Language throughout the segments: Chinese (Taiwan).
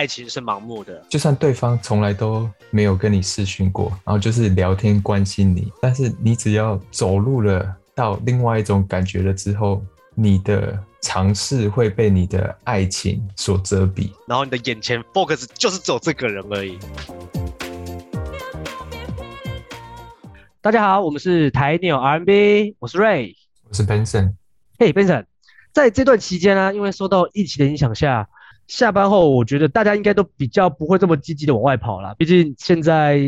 愛情是盲目的，就算對方從來都沒有跟你視訊過，然後就是聊天關心你，但是你只要走入了到另外一種感覺了之後，你的嘗試會被你的愛情所遮蔽，然後你的眼前 focus 就是走這個人而已。大家好，我們是台紐 RNB，我是 Ray，我是 Benson。嘿，Hey，Benson，在這段期間呢，因為受到疫情的影響下，下班後，我覺得大家應該都比較不會這麼積極的往外跑了。畢竟現在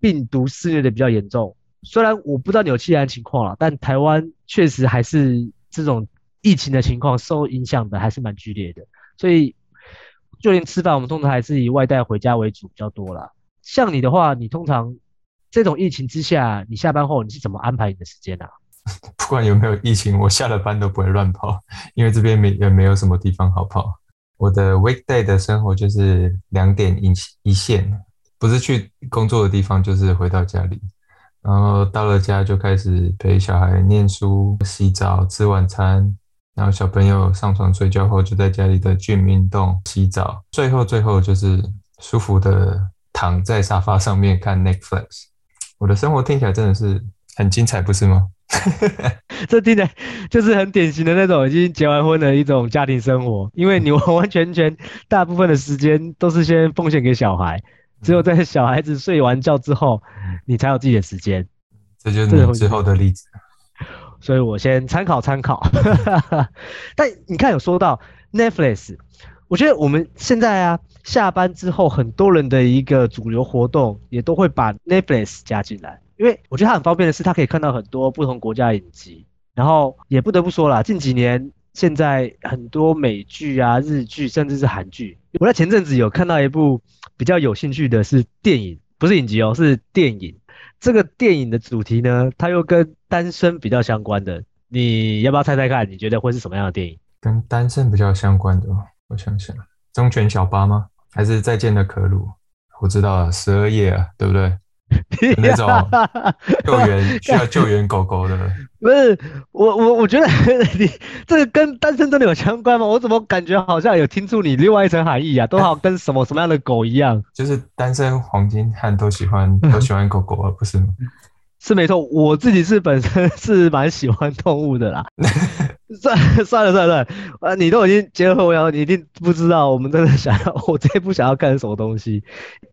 病毒肆虐的比較嚴重，雖然我不知道紐西蘭情況了，但台灣確實還是這種疫情的情況受影響的還是蠻劇烈的。所以，就連吃飯我們通常還是以外帶回家為主比較多了。像你的話，你通常這種疫情之下，你下班後你是怎麼安排你的時間呢、啊？不管有沒有疫情，我下了班都不會亂跑，因為這邊沒也沒有什麼地方好跑。我的 weekday 的生活就是兩點一線，不是去工作的地方，就是回到家裡，然後到了家就開始陪小孩念書、洗澡、吃晚餐，然後小朋友上床睡覺後，就在家裡的劇烈運動、洗澡，最後最後就是舒服的躺在沙發上面看 Netflix。我的生活聽起來真的是很精彩，不是嗎？ 這聽起來就是很典型的那種已經結完婚的一種家庭生活，因為你完完全全大部分的時間都是先奉獻給小孩，只有在小孩子睡完覺之後，你才有自己的時間。這就是最後的例子。所以我先參考參考。 但你看有說到 Netflix，我覺得我們現在啊下班之後，很多人的一個主流活動也都會把 Netflix 加進來。因為我覺得它很方便的是，它可以看到很多不同國家的影集。然後也不得不說啦，近幾年現在很多美劇啊、日劇，甚至是韓劇。我在前陣子有看到一部比較有興趣的是電影，不是影集哦，是電影。這個電影的主題呢，它又跟單身比較相關的。你要不要猜猜看？你覺得會是什麼樣的電影？跟單身比較相關的哦，我想想，忠犬小八嗎？還是再見的可魯？我知道了，十二夜啊，對不對？ 有那種救援需要救援狗狗的， 不是我我我覺得你這個跟單身真的有相關嗎？我怎麼感覺好像有聽出你另外一層含義啊？都好跟什麼什麼樣的狗一樣？ 就是單身黃金漢都喜歡都喜歡狗狗， 不是嗎？是沒錯，我自己是本身是蠻喜歡動物的啦。算了算了算了，呃、啊，你都已經結婚了，我你一定不知道我們真的想要我真不想要幹什麼東西。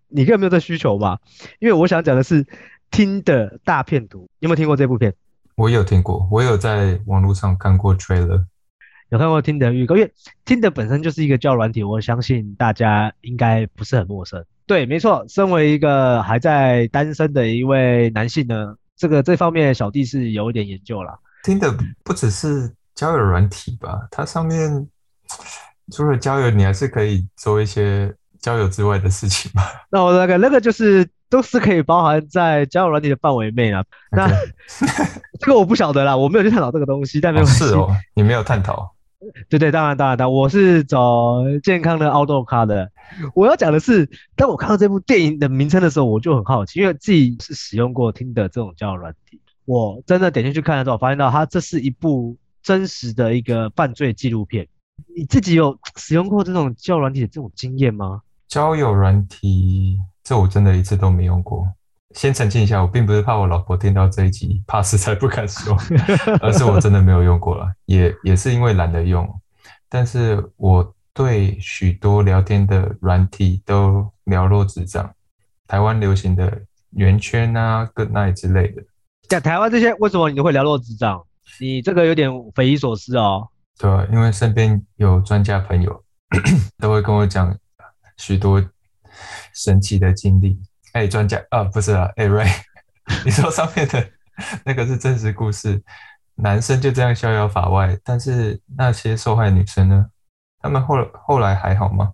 你有沒有這需求吧？因為我想講的是 Tinder 大騙徒，你有沒有聽過這部片？我有聽過，我有在網絡上看過 trailer 有看過 Tinder 預告，因為 Tinder 本身就是一個交友軟體，我相信大家應該不是很陌生。對，沒錯，身為一個還在單身的一位男性呢，這個這方面小弟是有一點研究啦。Tinder 不只是交友軟體吧？它上面除了交友，你還是可以做一些。交友之外的事情嘛。那我那個那個就是都是可以包含在交友軟體的範圍內了。Okay. 那 這個我不曉得啦，我沒有去探討這個東西。但沒有哦？是哦，你沒有探討。 對，對對，當然當然，當然，我是找健康的 outdoor 咖的。我要講的是，當我看到這部電影的名稱的時候，我就很好奇，因為自己是使用過聽的這種交友軟體。我真的點進去看的時候，我發現到它這是一部真實的一個犯罪紀錄片。你自己有使用過這種交友軟體的這種經驗嗎？交友軟體，這我真的一次都沒用過。先澄清一下，我並不是怕我老婆聽到這一集，怕死才不敢說， 而是我真的沒有用過了，也也是因為懶得用。但是我對許多聊天的軟體都瞭若指掌，台灣流行的圓圈啊、Good Night 之類的，講台灣這些為什麼你都會瞭若指掌？你這個有點匪夷所思哦。對、啊，因為身邊有專家朋友， 都會跟我講。許多神奇的經歷，哎、欸，專家，啊，不是啊，哎、欸、瑞，Ray，你說上面的 那個是真實故事，男生就這樣逍遙法外，但是那些受害女生呢？他們後後來還好嗎？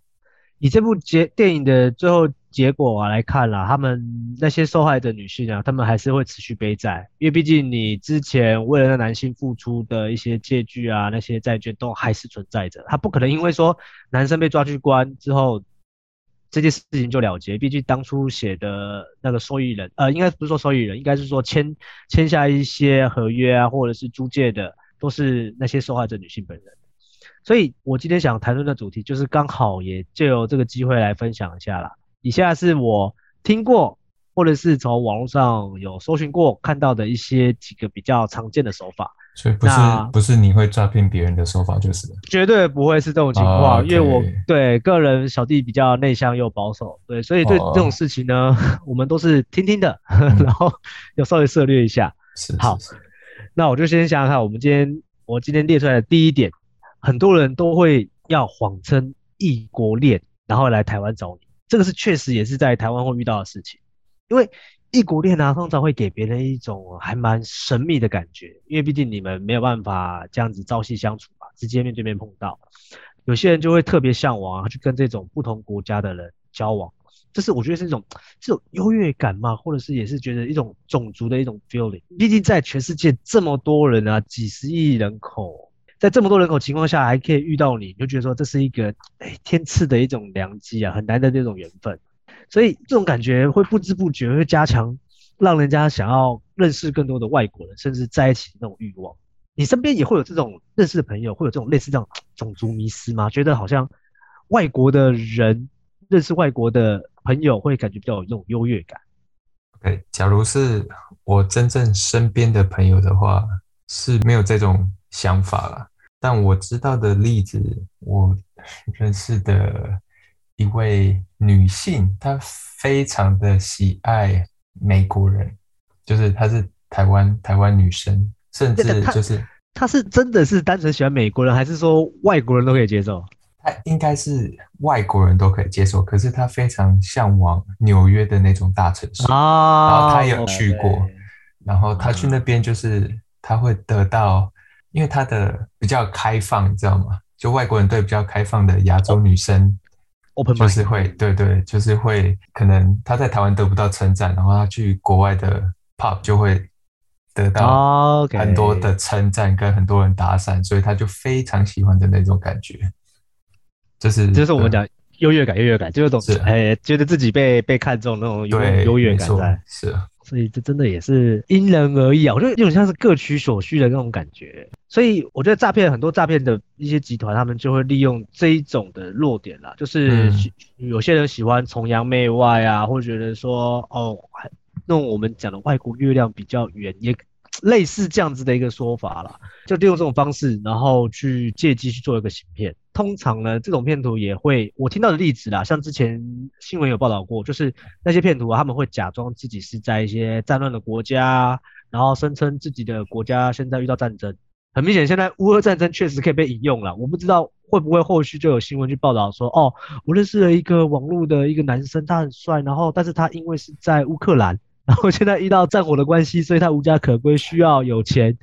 以這部結電影的最後結果、啊、來看啦，他們那些受害的女性啊，他們還是會持續背債，因為畢竟你之前為了那男性付出的一些借據啊，那些債券都還是存在着，他不可能因為說男生被抓去關之後。這件事情就了結，畢竟當初寫的那個受益人，呃，應該不是說受益人，應該是說簽簽下一些合約啊，或者是租借的，都是那些受害者女性本人。所以我今天想談論的主題，就是剛好也就有這個機會來分享一下啦。以下是我聽過或者是從網絡上有搜尋過看到的一些幾個比較常見的手法。所以不是不是你會詐騙別人的說法，就是的。絕對不會是這種情況，oh, okay. 因為我對個人小弟比較內向又保守，對，所以對這種事情呢，oh. 我們都是聽聽的，嗯、 然後要稍微涉獵一下。是，是，是。好，那我就先想想看，我們今天我今天列出來的第一點，很多人都會要謊稱異國戀，然後來台灣找你，這個是確實也是在台灣會遇到的事情，因為。異國戀啊，通常會給別人一種還蠻神秘的感覺，因為畢竟你們沒有辦法這樣子朝夕相處嘛，直接面對面碰到。有些人就會特別向往，啊、去跟這種不同國家的人交往。這是我覺得是一種這種優越感嘛，或者是也是覺得一種種族的一種 feeling。畢竟在全世界這麼多人啊，幾十億人口，在這麼多人口情況下還可以遇到你，你就覺得說這是一個、哎、天賜的一種良機啊，很難得那種緣分。所以這種感覺會不知不覺會加強，讓人家想要認識更多的外國人，甚至在一起那種慾望。你身邊也會有這種認識的朋友，會有這種類似這種種族迷思嗎？覺得好像外國的人認識外國的朋友會感覺比較有這種優越感？OK，假如是我真正身邊的朋友的話，是沒有這種想法啦。但我知道的例子，我認識的。一位女性，她非常的喜愛美國人，就是她是台灣台灣女生，甚至就是她，她是真的是單純喜歡美國人，還是說外國人都可以接受？她應該是外國人都可以接受，可是她非常嚮往紐約的那種大城市啊、哦，然後她也有去過、哦，然後她去那邊就是她會得到、嗯，因為她的比較開放，你知道嗎？就外國人對比較開放的亞洲女生。Open、就是會，對對，就是會，可能他在台灣得不到稱讚，然後他去國外的 pub 就會得到很多的稱讚，跟很多人搭訕，所以他就非常喜歡的那種感覺，就是、okay. 就是我們講優越感，優越感、呃，就是哎、欸，覺得自己被被看中那種優優越感在對是。所以這真的也是因人而異啊，我覺得有點像是各取所需的那種感覺。所以我覺得詐騙很多詐騙的一些集團，他們就會利用這一種的弱點啦，就是、嗯、有些人喜歡崇洋媚外啊，或覺得說哦，那我們講的外國月亮比較圓，也類似這樣子的一個說法啦，就利用這種方式，然後去借機去做一個行騙。通常呢，這種騙徒也會，我聽到的例子啦，像之前新聞有報道過，就是那些騙徒啊，他們會假裝自己是在一些戰亂的國家，然後聲稱自己的國家現在遇到戰爭。很明顯，現在烏俄戰爭確實可以被引用了。我不知道會不會後續就有新聞去報道說，哦，我認識了一個網絡的一個男生，他很帥，然後但是他因為是在烏克蘭，然後現在遇到戰火的關係，所以他無家可歸，需要有錢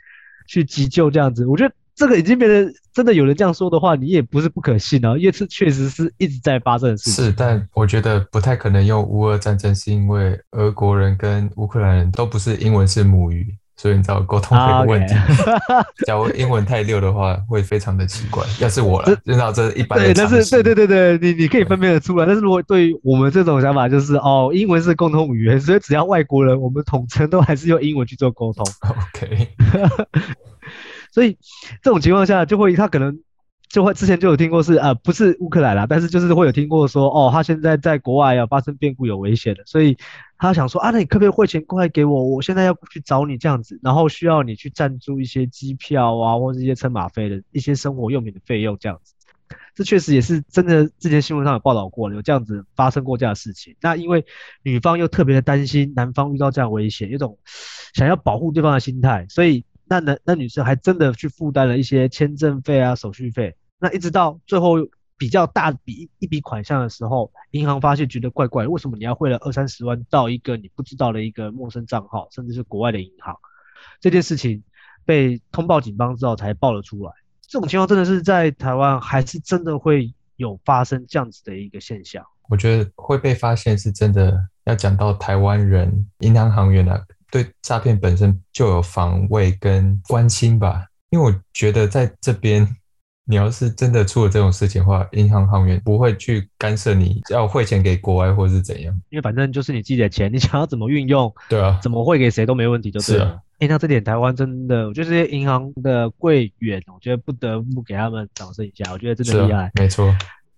去急救這樣子。我覺得。這個已經變成真的有人這樣說的話，你也不是不可信啊，因為是確實是一直在發生的事情。是，但我覺得不太可能用烏俄戰爭，是因為俄國人跟烏克蘭人都不是英文是母語，所以你知道溝通會有問題。啊 okay. 假如英文太溜的話， 會非常的奇怪。要是我啦，至少這，這是一般的。對，但是對對對對，你你可以分辨得出來。但是如果對於我們這種想法，就是哦，英文是共同語言，所以只要外國人，我們統稱都還是用英文去做溝通。OK。 所以這種情況下，就會他可能就會之前就有聽過是呃不是烏克蘭啦，啊，但是就是會有聽過說哦他現在在國外要，啊、發生變故有危險的，所以他想說啊那你可不可以匯錢過來給我？我現在要去找你這樣子，然後需要你去贊助一些機票啊或是一些車馬費的一些生活用品的費用這樣子。這確實也是真的，之前新聞上有報道過有這樣子發生過這樣的事情。那因為女方又特別的擔心男方遇到這樣的危險，有種想要保護對方的心態，所以。那女那女生還真的去負擔了一些簽證費啊、手續費。那一直到最後比較大筆一筆款項的時候，銀行發現覺得怪怪，為什麼你要匯了二三十萬到一個你不知道的一個陌生賬號，甚至是國外的銀行？這件事情被通報警方之後才報了出來。這種情況真的是在台灣還是真的會有發生這樣子的一個現象？我覺得會被發現是真的。要講到台灣人銀行行員啊。對詐騙本身就有防衛跟關心吧，因為我覺得在這邊，你要是真的出了這種事情的話，銀行行員不會去干涉你只要匯錢給國外或是怎樣，因為反正就是你自己的錢，你想要怎麼運用，對啊，怎麼匯給誰都沒問題，就是。是啊。哎，那這點台灣真的，我覺得這些銀行的櫃員，我覺得不得不給他們掌聲一下，我覺得真的厲害。啊，沒錯。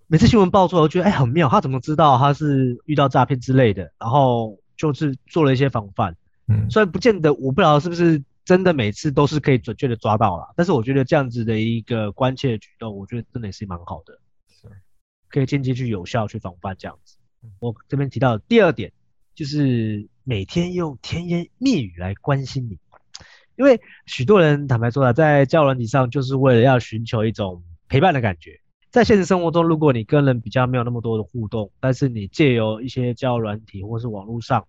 每次新聞爆出，我都覺得哎很妙，他怎麼知道他是遇到詐騙之類的，然後就是做了一些防範。嗯，雖然不見得，我不知道是不是真的每次都是可以準確的抓到了，但是我覺得這樣子的一個關切的舉動，我覺得真的也是蠻好的，可以間接去有效去防範這樣子。我這邊提到的第二點，就是每天用甜言蜜語來關心你，因為許多人坦白說啦，在交友軟體上就是為了要尋求一種陪伴的感覺，在現實生活中，如果你跟人比較沒有那麼多的互動，但是你借由一些交友軟體或是網絡上。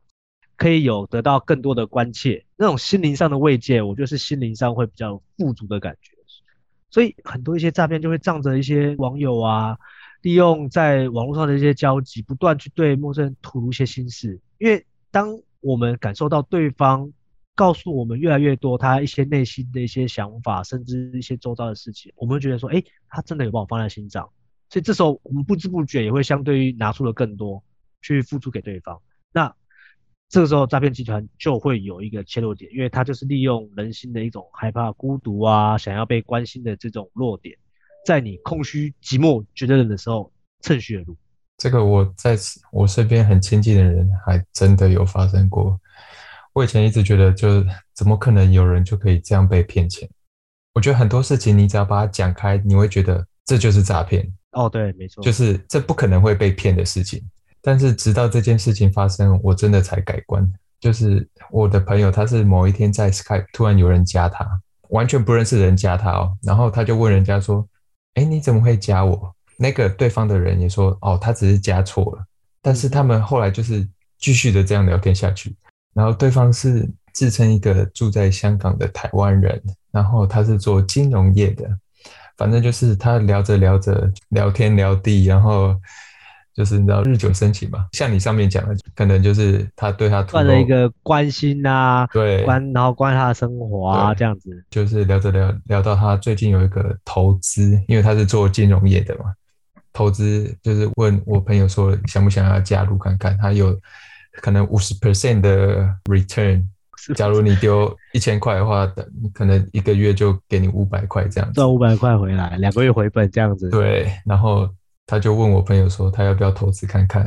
可以有得到更多的關切，那種心靈上的慰藉，我就是心靈上會比較富足的感覺。所以很多一些詐騙就會仗着一些網友啊，利用在網絡上的一些交集，不斷去對陌生人吐露一些心事。因為當我們感受到對方告訴我們越來越多他一些內心的一些想法，甚至一些周遭的事情，我們覺得說，誒、欸，他真的有把我放在心上。所以這時候我們不知不覺也會相對於拿出了更多去付出給對方。那這個時候，詐騙集團就會有一個切入點，因為它就是利用人心的一種害怕、孤獨啊，想要被關心的這種弱點，在你空虛、寂寞、覺得冷的時候趁虛而入。這個我在我身邊很親近的人，還真的有發生過。我以前一直覺得，就怎麼可能有人就可以這樣被騙錢？我覺得很多事情，你只要把它講開，你會覺得這就是詐騙。哦，對，沒錯，就是這不可能會被騙的事情。但是直到這件事情發生，我真的才改觀。就是我的朋友，他是某一天在 Skype 突然有人加他，完全不認識的人加他哦。然後他就問人家說：“誒，你怎麼會加我？”那個對方的人也說：“哦，他只是加錯了。”但是他們後來就是繼續的這樣聊天下去。然後對方是自稱一個住在香港的台灣人，然後他是做金融業的，反正就是他聊着聊着聊天聊地，然後。就是你知道日久生情嘛，像你上面講的，可能就是他對他換了一個關心啊，對，關然後關他的生活啊這樣子。就是聊着聊聊到他最近有一個投資，因為他是做金融業的嘛，投資就是問我朋友說想不想要加入看看，他有可能五十 percent 的 return，是是假如你丟一千塊的話， 可能一個月就給你五百塊這樣子，賺五百塊回來，兩個月回本這樣子。對，然後。他就問我朋友說，他要不要投資看看？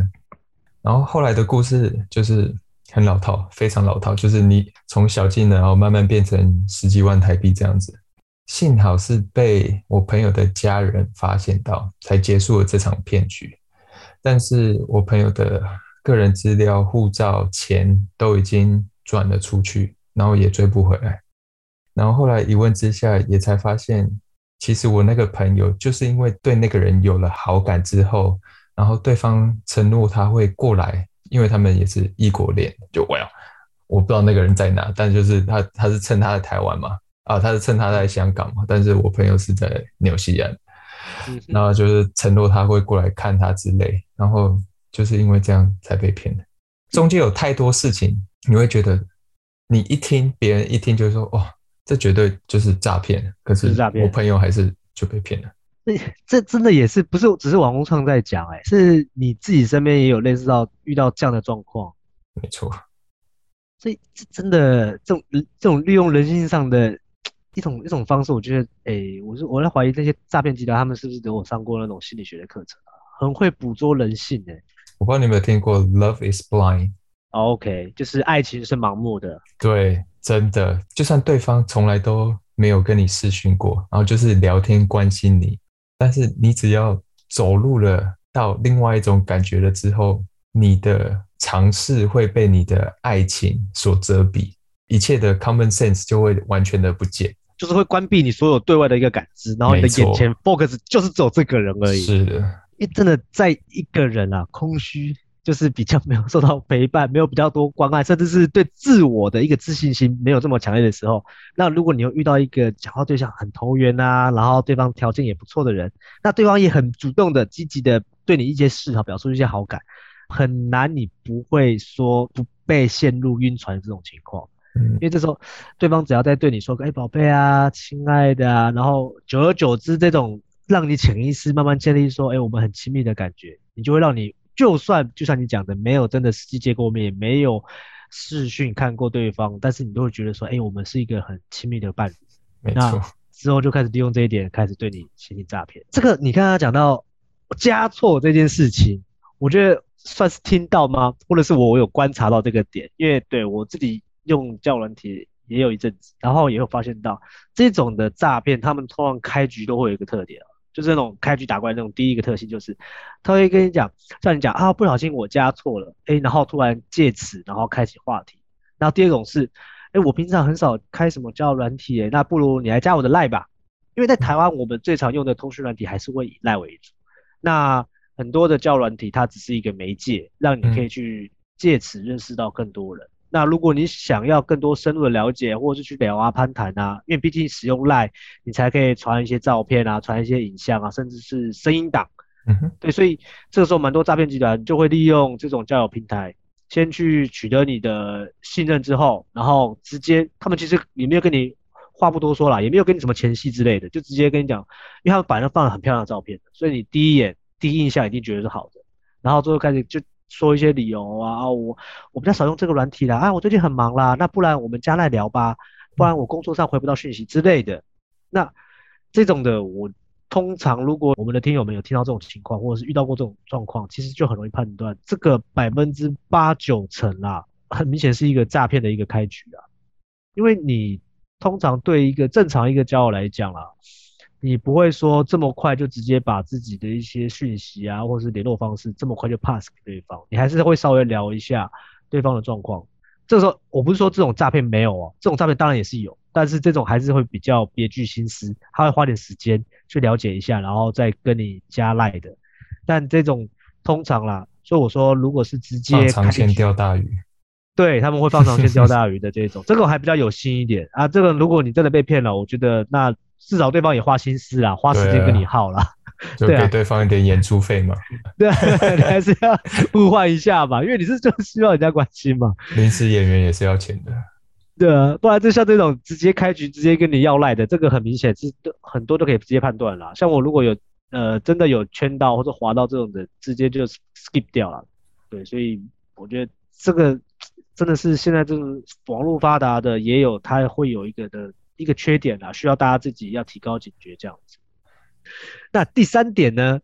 然後後來的故事就是很老套，非常老套，就是你從小技能然後慢慢變成十幾萬台幣這樣子。幸好是被我朋友的家人發現到，才結束了這場騙局。但是我朋友的個人資料、護照、錢都已經轉了出去，然後也追不回來。然後後來一問之下，也才發現。其實我那個朋友就是因為對那個人有了好感之後，然後對方承諾他會過來，因為他們也是異國戀，就我，我不知道那個人在哪，但就是他，他是趁他在台灣嘛，啊，他是趁他在香港嘛，但是我朋友是在紐西蘭，嗯，然後就是承諾他會過來看他之類，然後就是因為這樣才被騙的。中間有太多事情，你會覺得你一聽別人一聽就說哦。這絕對就是詐騙，可是我朋友還是就被騙了，騙了。那這真的也是不是只是網絡上在講，欸？哎，是你自己身邊也有類似到遇到這樣的狀況？沒錯。所以這真的這種這種利用人性上的一種一種方式，我覺得哎、欸，我是我在懷疑那些詐騙集團他們是不是給我上過那種心理學的課程啊？很會捕捉人性哎、欸。我不知道你有沒有聽過《Love Is Blind》？Oh，OK，就是愛情是盲目的。對。真的，就算對方從來都沒有跟你視訊過，然後就是聊天關心你，但是你只要走入了到另外一種感覺了之後，你的嘗試會被你的愛情所遮蔽，一切的 common sense 就會完全的不見，就是會關閉你所有對外的一個感知，然後你的眼前 focus 就是只有這個人而已。是的，因為真的在一個人啊，空虛。就是比較沒有受到陪伴，沒有比較多關愛，甚至是對自我的一個自信心沒有這麼強烈的時候，那如果你又遇到一個講話對象很投緣吶、啊，然後對方條件也不錯的人，那對方也很主動的、積極的對你一些示好啊，表述一些好感，很難你不會說不被陷入暈船這種情況、嗯，因為這時候對方只要在對你說哎寶貝啊、親愛的啊，然後久而久之，這種讓你潛意識慢慢建立說哎、欸、我們很親密的感覺，你就會讓你。就算就算你講的沒有真的實際見過面，也沒有視訊看過對方，但是你都會覺得說，哎、欸，我們是一個很親密的伴侶。沒錯，那之後就開始利用這一點，開始對你進行詐騙。這個你剛剛講到我加錯這件事情，我覺得算是聽到嗎？或者是我，我有觀察到這個點？因為對我自己用教軟體也有一陣子，然後也有發現到這種的詐騙，他們通常開局都會有一個特點。就是那種開局打怪的那種，第一個特性就是他會跟你講，像你講啊，不小心我加錯了，哎、欸，然後突然借此然後開啟話題。然後第二種是，哎、欸，我平常很少開什麼叫軟體、欸，哎，那不如你來加我的賴吧，因為在台灣我們最常用的通訊軟體還是會以賴為主。那很多的教軟體它只是一個媒介，讓你可以去借此認識到更多人。那如果你想要更多深入的了解，或者是去聊啊、攀談啊，因為畢竟使用 LINE，你才可以傳一些照片啊、傳一些影像啊，甚至是聲音檔。嗯哼。對，所以這個時候蠻多詐騙集團、啊、就會利用這種交友平台，先去取得你的信任之後，然後直接他們其實也沒有跟你話不多說啦，也沒有跟你什麼前戲之類的，就直接跟你講，因為他們反正放了很漂亮的照片，所以你第一眼第一印象一定覺得是好的，然後最後開始就。說一些理由啊啊，我我比較少用這個軟體啦啊，我最近很忙啦，那不然我們加來聊吧，不然我工作上回不到訊息之類的。那這種的，我通常如果我們的聽友們有聽到這種情況，或者是遇到過這種狀況，其實就很容易判斷，這個百分之八九成啦、啊，很明顯是一個詐騙的一個開局啊，因為你通常對一個正常一個交友來講啦、啊。你不會說這麼快就直接把自己的一些訊息啊，或是聯絡方式這麼快就 pass 給對方，你還是會稍微聊一下對方的狀況。這個時候，我不是說這種詐騙沒有哦、啊，這種詐騙當然也是有，但是這種還是會比較別具心思，他會花點時間去了解一下，然後再跟你加賴的。但這種通常啦，所以我說，如果是直接放長線釣大魚，對他們會放長線釣大魚的這種， 這個還比較有心一點啊。這個如果你真的被騙了，我覺得那。至少對方也花心思啊，花時間跟你耗啦，就給對方一點演出費嘛。 對啊，對啊，你還是要互換一下嘛，因為你是就希望人家關心嘛。臨時演員也是要錢的，對啊，不然就像這種直接開局直接跟你要賴的，這個很明顯是很多都可以直接判斷啦。像我如果有呃真的有圈到或者滑到這種的，直接就 skip 掉了。對，所以我覺得這個真的是現在就是網絡發達的，也有它會有一個的。一個缺點啊，需要大家自己要提高警覺這樣子。那第三點呢，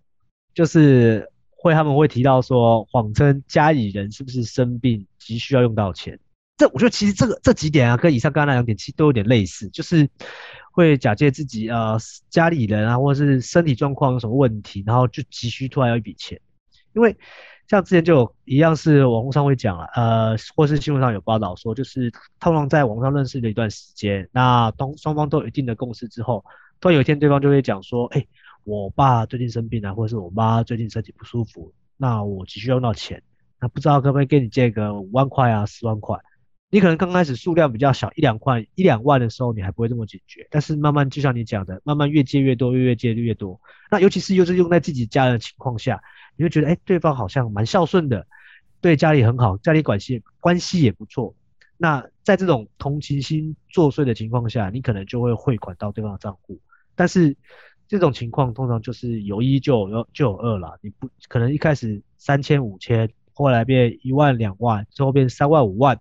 就是會他們會提到說，謊稱家裡人是不是生病，急需要用到錢。這我覺得其實這個這幾點啊，跟以上剛剛那兩點其實都有點類似，就是會假借自己呃、啊、家裡人啊，或者是身體狀況有什麼問題，然後就急需突然要一筆錢。因為像之前就有一樣是網絡上會講了、啊，呃，或是新聞上有報道說，就是通常在網上認識的一段時間，那當雙方都有一定的共識之後，突然有一天對方就會講說：“哎、欸，我爸最近生病啊，或者是我媽最近身體不舒服，那我急需要用到錢，那不知道可不可以跟你借個五萬塊啊，十萬塊？你可能剛開始數量比較小，一兩塊、一兩萬的時候，你還不會這麼解決，但是慢慢就像你講的，慢慢越借越多，越、越借越多。那尤其是又是用在自己家人的情況下。你就覺得哎、欸，對方好像蠻孝順的，對家裡很好，家裡關係關係也不錯。那在這種同情心作祟的情況下，你可能就會匯款到對方的賬戶。但是這種情況通常就是有一就有，就有二啦。你不可能一開始三千五千，後來變一萬兩萬，最後變三萬五萬。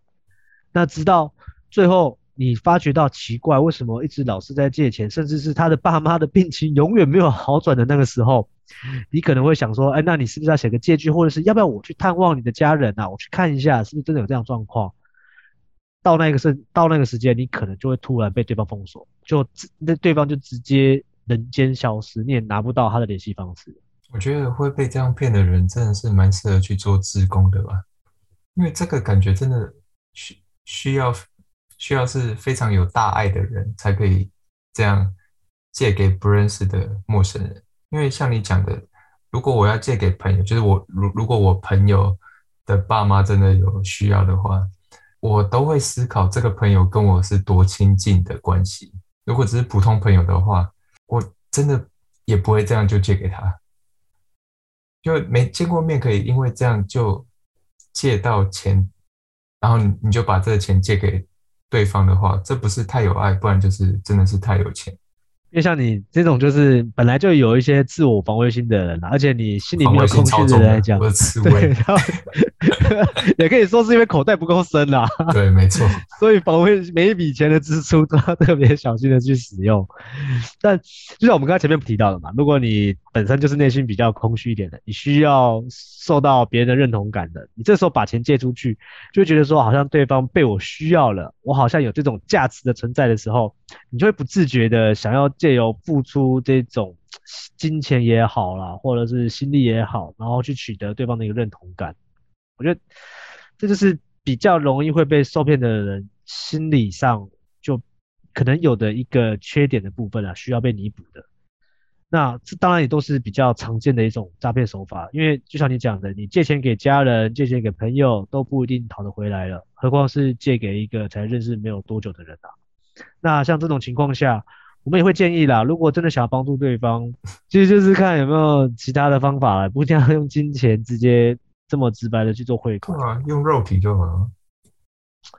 那直到最後你發覺到奇怪，為什麼一直老是在借錢，甚至是他的爸媽的病情永遠沒有好轉的那個時候。你可能會想說，哎，那你是不是要寫個借據，或者是要不要我去探望你的家人啊？我去看一下，是不是真的有這樣狀況？到那個時，到那個時間，你可能就會突然被對方封鎖，就那對方就直接人間消失，你也拿不到他的聯繫方式。我覺得會被這樣騙的人，真的是蠻適合去做義工的吧？因為這個感覺真的需需要需要是非常有大愛的人才可以這樣借給不認識的陌生人。因為像你講的，如果我要借給朋友，就是我如如果我朋友的爸媽真的有需要的話，我都會思考這個朋友跟我是多親近的關係。如果只是普通朋友的話，我真的也不會這樣就借給他。就沒見過面可以因為這樣就借到錢，然後你你就把這個錢借給對方的話，這不是太有愛，不然就是真的是太有錢。因為像你這種就是本來就有一些自我防衛心的人，而且你心裡面有空虛的人來講，對， 也可以說是因為口袋不夠深啊。對，沒錯。 所以防衛每一筆錢的支出都要特別小心的去使用。但就像我們剛才前面不提到的嘛，如果你本身就是內心比較空虛一點的，你需要受到別人的認同感的。你這時候把錢借出去，就會覺得說好像對方被我需要了，我好像有這種價值的存在的時候，你就會不自覺的想要借由付出這種金錢也好啦、啊，或者是心力也好，然後去取得對方的一個認同感。我覺得這就是比較容易會被受騙的人心理上就可能有的一個缺點的部分啊，需要被彌補的。那這當然也都是比較常見的一種詐騙手法，因為就像你講的，你借錢給家人，借錢給朋友都不一定討得回來了，何況是借給一個才認識沒有多久的人啊。那像這種情況下，我們也會建議啦，如果真的想要幫助對方， 其實就是看有沒有其他的方法，不一定要用金錢直接這麼直白的去做匯款。啊，用肉體就好了。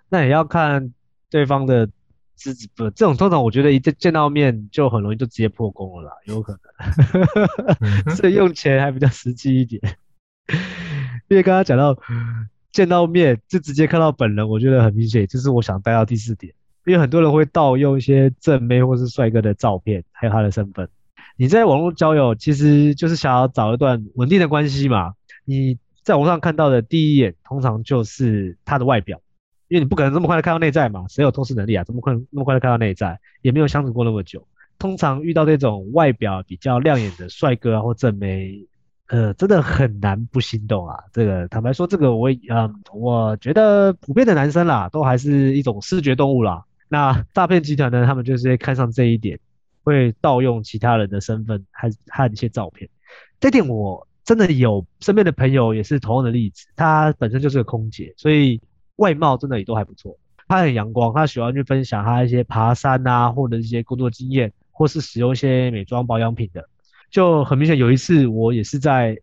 那也要看對方的。是不，這種通常我覺得一見見到面就很容易就直接破功了啦。有可能。哈哈哈，這用錢還比較實際一點。 因為剛剛講到見到面就直接看到本人，我覺得很明顯，就是我想帶到第四點。因為很多人會盜用一些正妹或是帥哥的照片，還有他的身份。你在網絡交友其實就是想要找一段穩定的關係嘛。你在網上看到的第一眼，通常就是他的外表。因為你不可能這麼快的看到內在嘛？誰有透視能力啊？怎麼可能那麼快的看到內在？也沒有相處過那麼久。通常遇到這種外表比較亮眼的帥哥或正妹，呃，真的很難不心動啊。這個坦白說，這個我嗯，我覺得普遍的男生啦，都還是一種視覺動物啦。那詐騙集團呢，他們就是會看上這一點，會盜用其他人的身份，還還有一些照片。這點我真的有身邊的朋友也是同樣的例子，他本身就是個空姐，所以。外貌真的也都還不錯，他很陽光，他喜歡去分享他一些爬山啊，或者一些工作經驗，或是使用一些美妝保養品的，就很明顯。有一次我也是在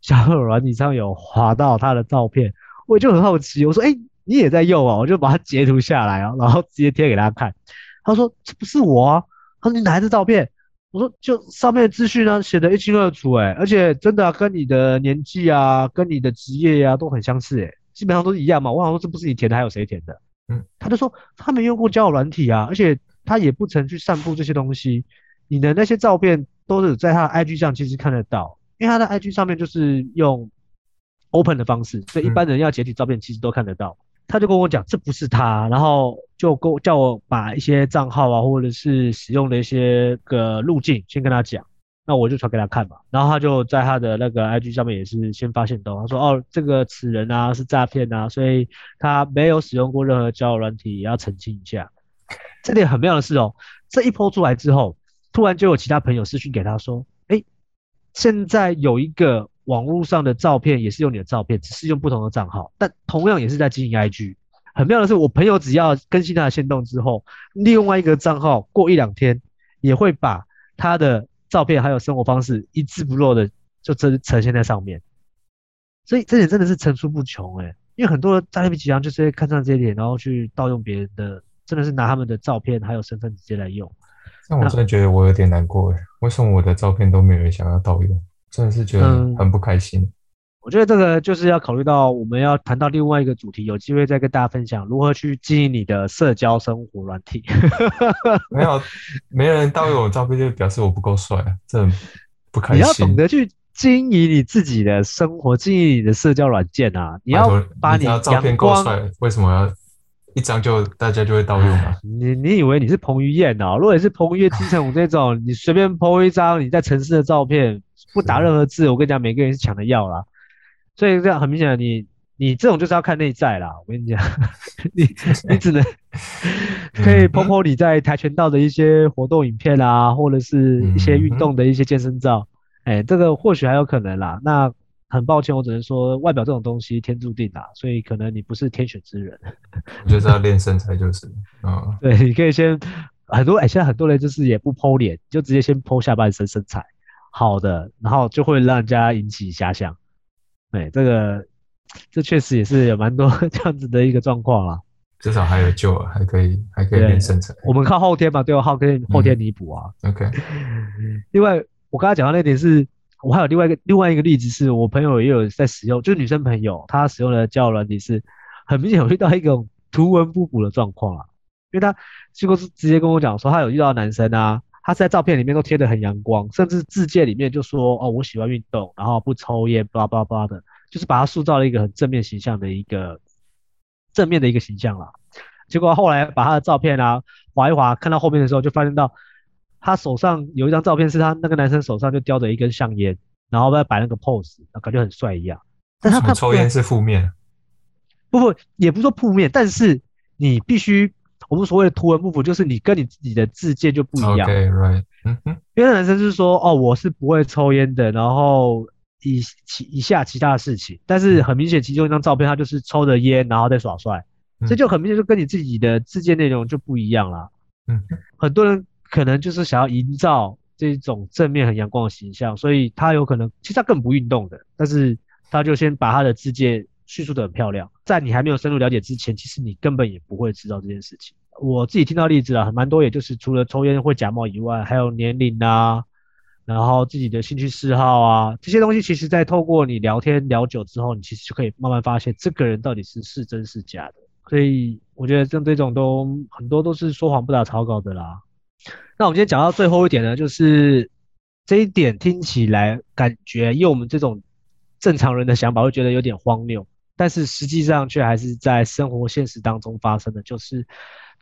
小軟體上有滑到他的照片，我也就很好奇，我說：“誒、欸、你也在用啊？”我就把他截圖下來、啊，然後直接貼給他看。他說：“這不是我。”啊，他說：“你哪來的照片？”我說：“就上面的資訊呢，寫得一清二楚、欸，誒而且真的跟你的年紀啊，跟你的職、啊、業呀、啊、都很相似、欸，誒基本上都是一樣嘛，我好像說，這不是你填的，還有誰填的？嗯，他就說他沒用過交友軟體啊，而且他也不曾去散布這些東西。你的那些照片都是在他的 IG 上，其實看得到，因為他的 IG 上面就是用 Open 的方式，所以一般人要截取照片其實都看得到。嗯，他就跟我講，這不是他，然後就跟我叫我把一些賬號啊，或者是使用的一些個路徑先跟他講。那我就傳給他看嘛，然後他就在他的那個 IG 上面也是先發限動，他說：“哦，這個此人啊是詐騙啊，所以他沒有使用過任何交友軟體，也要澄清一下。”這點很妙的是哦，這一波出來之後，突然就有其他朋友私訊給他說：“哎，現在有一個網絡上的照片也是用你的照片，只是用不同的賬號，但同樣也是在經營 IG。很妙的是，我朋友只要更新他的限動之後，另外一個賬號過一兩天也會把他的。”照片還有生活方式，一字不漏的就呈呈現在上面，所以這點真的是層出不窮誒、欸，因為很多詐騙集團就是會看上這些點，然後去盜用別人的，真的是拿他們的照片還有身份直接來用。那我真的覺得我有點難過誒、欸，為什麼我的照片都沒有人想要盜用？真的是覺得很不開心。嗯我覺得這個就是要考慮到，我們要談到另外一個主題，有機會再跟大家分享如何去經營你的社交生活軟體。 沒有，沒有人盜用我照片，就表示我不夠帥啊，這不開心。你要懂得去經營你自己的生活，經營你的社交軟件啊。你要，把你的照片夠帥，為什麼要一張就大家就會盜用啊？ 你你以為你是彭於晏啊？如果你是彭於晏、啊、金城武這種，你隨便 PO 一張你在城市的照片，不打任何字，我跟你講，每個人是搶的要啦。所以這樣很明顯的，你你這種就是要看內在啦。我跟你講， 你你只能可以 po po 你在跆拳道的一些活動影片啊， 或者是一些運動的一些健身照。哎、 欸，這個或許還有可能啦。那很抱歉，我只能說外表這種東西天注定的，所以可能你不是天選之人。我就是要練身材就是。 嗯，對，你可以先很多哎、欸，現在很多人就是也不 po 臉，就直接先 po 下半身身材好的，然後就會讓人家引起遐想。哎、欸，這個這確實也是有蠻多這樣子的一個狀況了，至少還有救了，還可以還可以練生成。我們靠後天嘛，對我後可以後天彌補啊。嗯、OK。 另外，我剛才講到那點是，我還有另外一個另外一個例子，是我朋友也有在使用，就是女生朋友她使用的交友軟體是很明顯有遇到一種圖文不符的狀況啊，因為她去過直接跟我講說，她有遇到男生啊。他是在照片裡面都貼得很陽光，甚至自介裡面就說哦，我喜歡運動，然後不抽菸，巴拉巴拉巴拉的，就是把他塑造了一個很正面形象的一個正面的一個形象啦。結果後來把他的照片啊劃一劃，看到後面的時候就發現到他手上有一張照片是他那個男生手上就叼着一根香菸，然後在擺那個 pose，感覺很帥一樣。但他什麼抽菸是負面，不不也不說負面，但是你必須。我們所謂的圖文不符，就是你跟你自己的自介就不一樣了。o、okay, right，嗯嗯。因為男生就是說，哦，我是不會抽煙的，然後以以下其他的事情，但是很明顯其中一張照片他就是抽着煙，然後在耍帥，這就很明顯就跟你自己的自介內容就不一樣了。嗯、mm-hmm.，很多人可能就是想要營造這種正面很陽光的形象，所以他有可能其實他根本不運動的，但是他就先把他的自介。敘述的很漂亮，在你還沒有深入了解之前，其實你根本也不會知道這件事情。我自己聽到的例子啊，蠻多，也就是除了抽煙會假冒以外，還有年齡啊，然後自己的興趣嗜好啊，這些東西，其實在透過你聊天聊久之後，你其實就可以慢慢發現這個人到底是是真是假的。所以我覺得像這種都很多都是說謊不打草稿的啦。那我們今天講到最後一點呢，就是這一點聽起來感覺因為我們這種正常人的想法會覺得有點荒謬。但是實際上卻還是在生活現實當中發生的，就是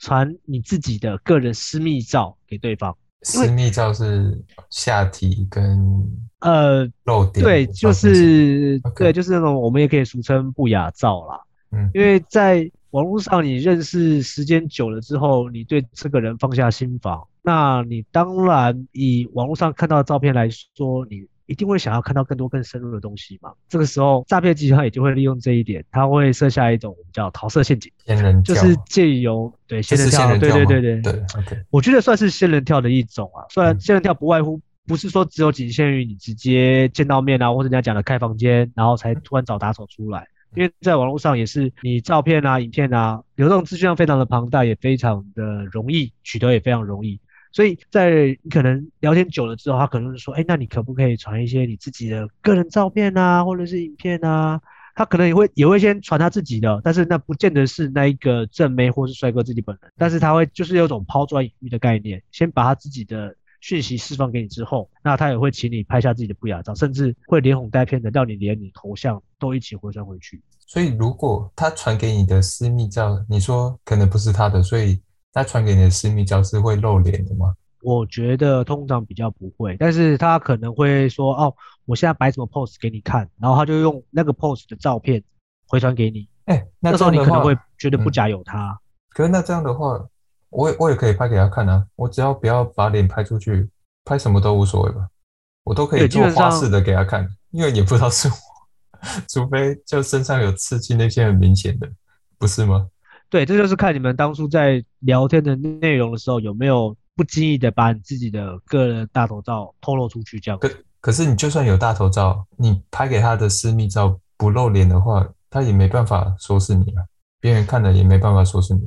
傳你自己的個人私密照給對方。私密照是下體跟呃、露點，對，就是對，就是那種我們也可以俗稱不雅照啦。因為在網絡上，你認識時間久了之後，你對這個人放下心防，那你當然以網絡上看到的照片來說，你。一定會想要看到更多更深入的東西嘛？這個時候，詐騙集團也就會利用這一點，他會設下一種我們叫桃色陷阱，就是借由對仙人跳、就是仙人跳，對對對對對，對，對，okay. 我覺得算是仙人跳的一種啊。雖然仙人跳不外乎不是說只有僅限於你直接見到面啊，或者人家講的開房間，然後才突然找打手出來，因為在網絡上也是你照片啊、影片啊，流動資訊量非常的龐大，也非常的容易取得，也非常容易。所以在你可能聊天久了之後，他可能就說，哎、欸，那你可不可以傳一些你自己的個人照片啊，或者是影片啊？他可能也會也會先傳他自己的，但是那不見得是那一個正妹或是帥哥自己本人，但是他會就是有種拋磚引玉的概念，先把他自己的訊息釋放給你之後，那他也會請你拍下自己的不雅照，甚至會連哄帶騙的讓你連你頭像都一起回傳回去。所以如果他傳給你的私密照，你說可能不是他的，所以。他傳給你的私密照是會露臉的嗎？我覺得通常比較不會，但是他可能會說哦，我現在擺什麼 pose 給你看，然後他就用那個 pose 的照片回傳給你。哎、欸，那這樣的話，那時候你可能會覺得不假有他、嗯。可是那這樣的話，我也我也可以拍給他看啊，我只要不要把臉拍出去，拍什麼都無所謂吧，我都可以做花式的給他看，因為也不知道是我，除非就身上有刺青那些很明顯的，不是嗎？對，這就是看你們當初在聊天的內容的時候，有沒有不經意的把你自己的個人大頭照透露出去，這樣。可可是你就算有大頭照，你拍給他的私密照不露臉的話，他也沒辦法說是你了啊，別人看了也沒辦法說是你，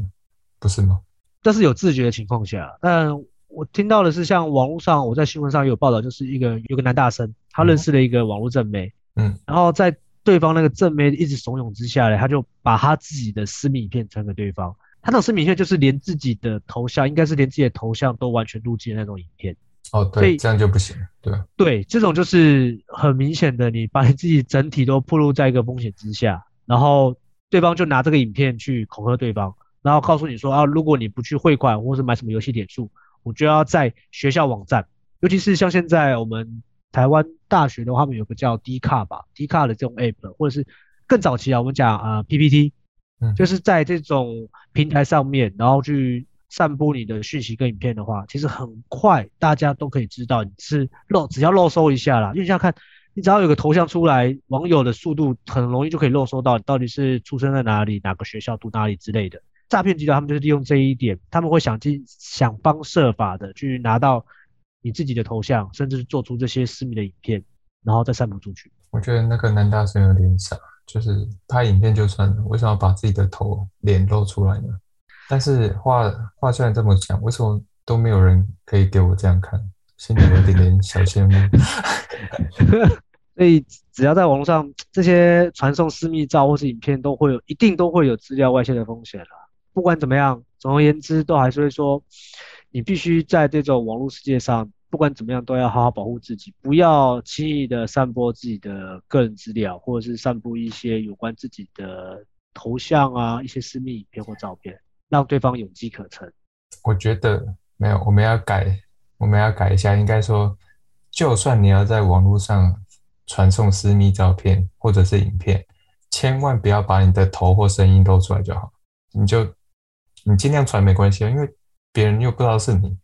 不是嗎？但是有自覺的情況下，但我聽到的是，像網絡上，我在新聞上有報道，就是一個有一個男大生，他認識了一個網絡正妹，嗯，嗯，然後在。對方那個正妹一直慫恿之下呢，他就把他自己的私密影片傳給對方。他的私密影片就是連自己的頭像，應該是連自己的頭像都完全入鏡的那種影片。哦，對，這樣就不行。對，對，這種就是很明顯的，你把你自己整體都暴露在一個風險之下，然後對方就拿這個影片去恐嚇對方，然後告訴你說啊，如果你不去匯款或者買什麼遊戲點數，我就要在學校網站，尤其是像現在我們。台灣大學的話，他們有個叫 D 卡吧，D 卡的這種 app，或者是更早期啊，我們講啊、呃、PPT，嗯，就是在這種平台上面，然後去散布你的訊息跟影片的話，其實很快大家都可以知道你是漏，只要漏搜一下啦，因為你想看，你只要有個頭像出來，網友的速度很容易就可以漏搜到你到底是出生在哪裡、哪個學校讀哪裡之類的。詐騙集團他們就是利用這一點，他們會想盡想方設法的去拿到。你自己的頭像，甚至是做出這些私密的影片，然後再散布出去。我覺得那個男大生有點傻，就是拍影片就算了，為什麼要把自己的頭臉露出來呢？但是話話雖然這麼講，為什麼都沒有人可以給我這樣看？心裡有點點小羨慕。所以只要在網絡上這些傳送私密照或是影片，都會有一定都會有資料外洩的風險了。不管怎麼樣，總而言之，都還是會說。你必須在這種網絡世界上，不管怎麼樣都要好好保護自己，不要輕易的散播自己的個人資料，或者是散布一些有關自己的頭像啊，一些私密影片或照片，讓對方有機可乘。我覺得沒有，我們要改，我們要改一下。應該說，就算你要在網絡上傳送私密照片或者是影片，千萬不要把你的頭或聲音露出來就好。你就你儘量傳沒關係啊，因為。別人又不知道是你，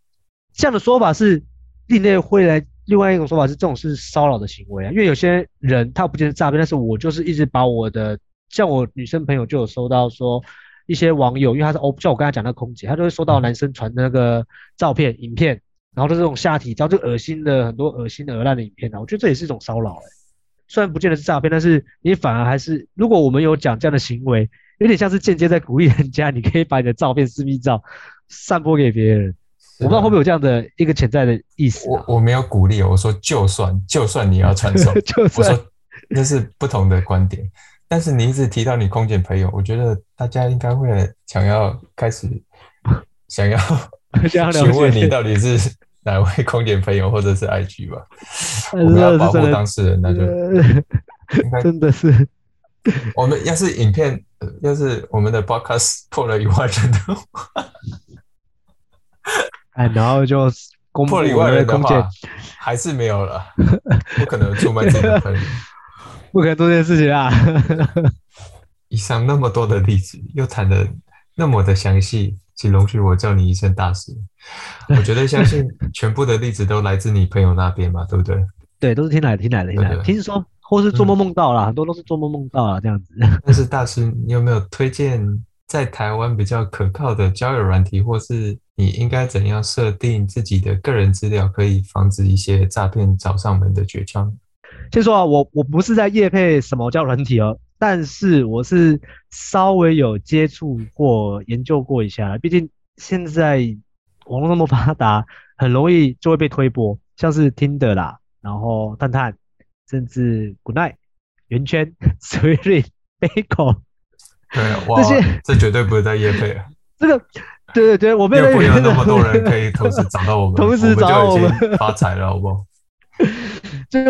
這樣的說法是另類，會來另外一種說法是這種是騷擾的行為啊。因為有些人他不見得詐騙，但是我就是一直把我的像，我女生朋友就有收到說一些網友，因為他是歐，像我剛才講的空姐，她就會收到男生傳的那個照片、嗯、影片，然後就這種下體照，就噁心的很多噁心的惡爛的影片啊。我覺得這也是一種騷擾哎，雖然不見得是詐騙，但是你反而還是如果我們有講這樣的行為。有點像是間接在鼓勵人家，你可以把你的照片私密照散播給別人。啊、我不知道會不會有這樣的一個潛在的意思、啊我。我我沒有鼓勵，我說就算就算，你要傳授， 就算我說那是不同的觀點。 但是你一直提到你空姐朋友，我覺得大家應該會想要開始想要, 想要請問你到底是哪位空姐朋友或者是 IG 吧？不 要 保護當事人，那就應該 真的是。 我們要是影片，要是我們的 podcast 破了一萬人的話，哎，然後就公布破了一萬人的話， 還是沒有了，不可能出賣這個朋友， 不可以做這件事情啊！ 以上那麼多的例子，又談得那麼的詳細，請容許我叫你一聲大師。我覺得相信全部的例子都來自你朋友那邊嘛，對不對？ 對，都是聽來的、聽來的、聽來的、聽說。或是做夢夢到啦、嗯，很多都是做夢夢到啦。這樣子。但是大師，你有沒有推薦在台灣比較可靠的交友軟體，或是你應該怎樣設定自己的個人資料，可以防止一些詐騙找上門的絕招？先說啊，我我不是在業配什麼交友軟體哦，但是我是稍微有接觸或研究過一下。畢竟現在網絡那麼發達，很容易就會被推播，像是 Tinder 啦，然後探探。甚至 Goodnight、圓圈、s w r e e Baco，對 Bacon，哇，這些這絕對不會在業配了。 這個對對對，我有那麼多人可以同時找到我們， 同時找我們，我們發財了，好不好？ 就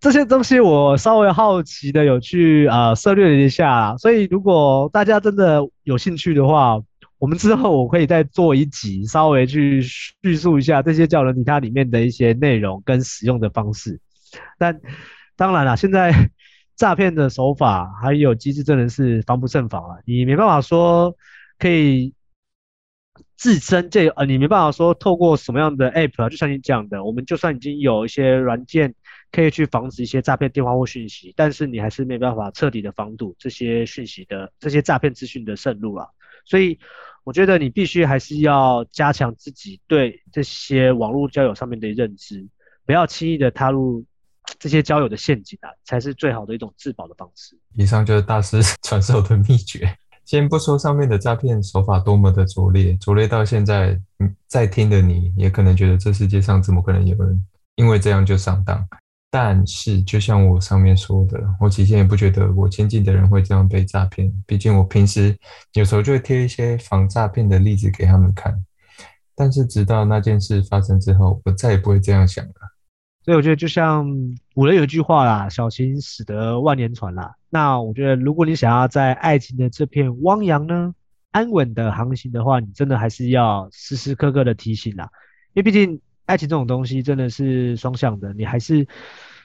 這些東西，我稍微好奇的有去啊、呃，涉獵了一下，所以如果大家真的有興趣的話，我們之後我可以再做一集，稍微去敘述一下這些教人吉他裡面的一些內容跟使用的方式。但當然啦，現在詐騙的手法還有機制真的是防不勝防啊！你沒辦法說可以自身這呃，你沒辦法說透過什麼樣的 app 啊，就像你講的，我們就算已經有一些軟件可以去防止一些詐騙電話或訊息，但是你還是沒辦法徹底的防堵這些訊息的這些詐騙資訊的滲入啊！所以我覺得你必須還是要加強自己對這些網絡交友上面的認知，不要輕易的踏入。這些交友的陷阱啊，才是最好的一種自保的方式。以上就是大師傳授的秘訣。先不說上面的詐騙手法多麼的拙劣，拙劣到現在，嗯，在聽的你也可能覺得這世界上怎麼可能有人因為這樣就上當？但是，就像我上面說的，我以前也不覺得我親近的人會這樣被詐騙。畢竟我平時有時候就會貼一些防詐騙的例子給他們看。但是直到那件事發生之後，我再也不會這樣想了。所以我覺得，就像古人有一句話啦，“小心駛得萬年船”啦。那我覺得，如果你想要在愛情的這片汪洋呢，安穩的航行的話，你真的還是要時時刻刻的提醒啦。因為畢竟愛情這種東西真的是雙向的，你還是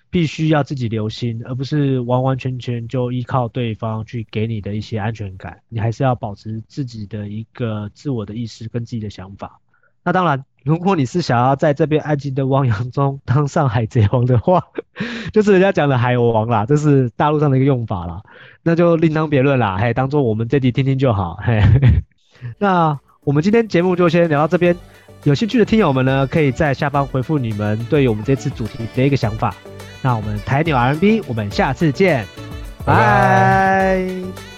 必須要自己留心，而不是完完全全就依靠對方去給你的一些安全感。你還是要保持自己的一個自我的意識跟自己的想法。那當然，如果你是想要在這邊愛機的汪洋中當上海賊王的話，就是人家講的海王啦，這是大陸上的一個用法啦，那就另當別論啦，嘿，當做我們這期聽聽就好，嘿。 那我們今天節目就先聊到這邊，有興趣的聽友們呢，可以在下方回覆你們對於我們這次主題的一個想法。那我們台紐 r b 我們下次見，拜。Bye bye